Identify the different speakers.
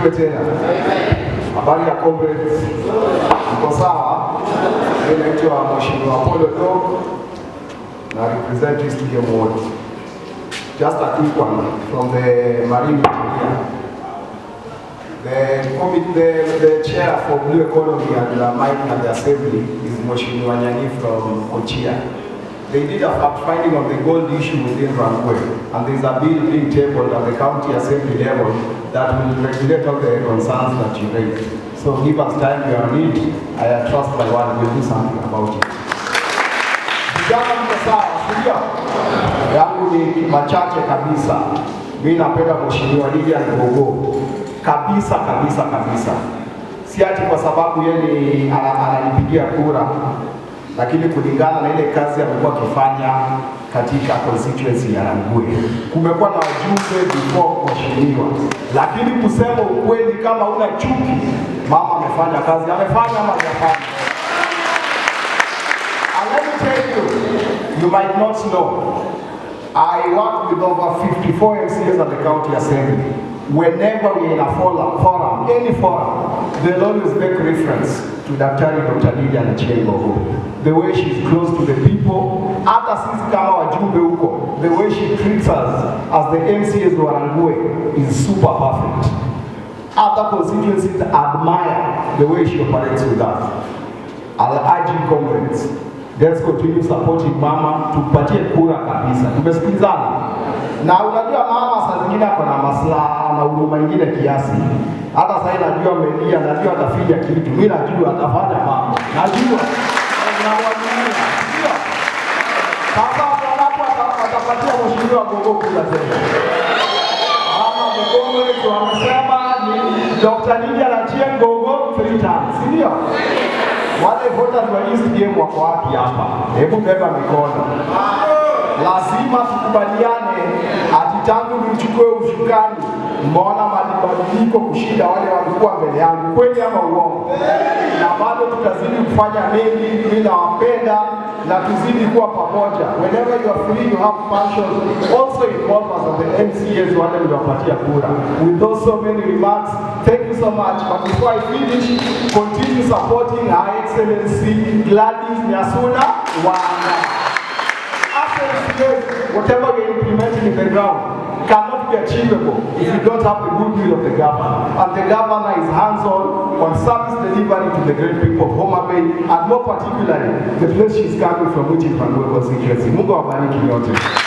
Speaker 1: Barikiwe tena. Habari ya comrades, mko sawa? Mimi naitwa Mheshimiwa Apollo Dogo na represent East Game Ward. Just a quick one from the Marine area. The committee, the, the chair for blue economy and the mining and the assembly is Mheshimiwa Nyani from Kochia. They did a fact-finding on the gold issue within Rangwe, and there's a bill being tabled at the county assembly level that will regulate all the concerns that you raised. So give us time, we are need. I trust my word will do something about it.
Speaker 2: Yangu ni machache kabisa. Mimi napenda Mheshimiwa Lydia Ngogo kabisa kabisa kabisa, si kwa sababu yeye ananipigia kura lakini kulingana na ile kazi amekuwa akifanya katika constituency ya Rangwe, kumekuwa na wajumbe before mheshimiwa. Lakini kusema ukweli, kama una chuki, mama amefanya kazi, amefanya ama hajafanya?
Speaker 1: Let me tell you, you might not know, I work with over 54 MCAs at the county assembly. Whenever we in a forum, any forum They'll always make reference to Daktari Dr. Lilian Chengo The way she's close to the people, hata sisi kama wajumbe huko, the way she treats us as the mcs Warangue is super perfect. Other constituencies admire the way she operates with us. Alaji comrades, let's continue supporting mama, tupatie kura kabisa. Tumesikilizana.
Speaker 2: Na unajua mama saa zingine ako na maslaha na huduma ingine kiasi. Hata sasa najua melia, najua atafija kitu, mi najua atafanya mambo, najua sasa atapatia mheshimiwa gogo kula zetu ama mgogo wetu amesema ni Dr. Lydia Ratie Ngogo three times, si ndio? Wale voters wa East Game wako wapi hapa? Hebu beba mikono. mkwe usukani, mbona malibadiliko kushinda wale walikuwa mbele yangu? Kweli ama uongo? Na bado tutazidi kufanya mengi, mimi nawapenda na tuzidi kuwa pamoja.
Speaker 1: Whenever you are free you have passion, also in members of the MCAs wale mliwapatia kura. With those so many remarks, thank you so much. But before I finish, continue supporting Her Excellency Gladys Nyasuna Wanga. whatever you implement in the ground cannot be achievable if you don't have the goodwill of the governor. And the governor is hands-on on service delivery to the great people of Homa Bay, and more particularly, the place she's coming from, which is Kangwe Constituency. Mungu awabariki nyote.